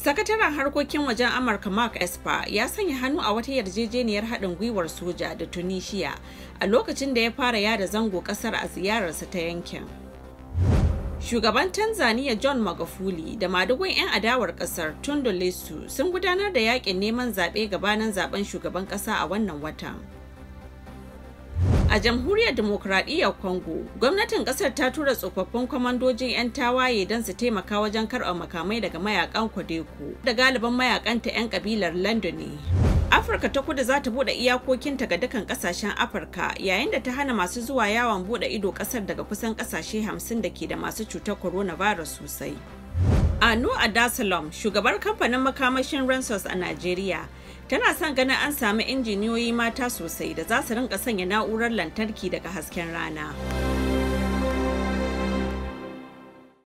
Sakataren harkokin wajen Amurka Mark Esper ya sanya hannu a wata yarjejeniyar haɗin gwiwar soja da Tunisia a lokacin da ya fara yada zango ƙasar a ziyararsa ta yankin. Shugaban Tanzania John Magufuli da madugun 'yan adawar ƙasar Tundu sun gudanar da yakin neman zaɓe gabanin zaɓen shugaban ƙasa a wannan watan. A jamhuriyar demokradiyyar Congo, gwamnatin ƙasar ta tura tsofaffin kwamandojin 'yan tawaye don su taimaka wajen karɓar makamai daga mayakan Kodeko da galiban mayakanta 'yan kabilar London ne. Afirka ta kudu za ta buɗe iyakokinta ga dukkan ƙasashen Afirka yayin da ta hana masu zuwa yawon buɗe ido ƙasar daga kusan ƙasashe 50 da ke da masu cutar coronavirus sosai. Anu Adasalom, shugabar kamfanin makamashin Ransos a Najeriya, tana son ganin an sami injiniyoyi mata sosai da za su rinka sanya na'urar lantarki daga hasken rana.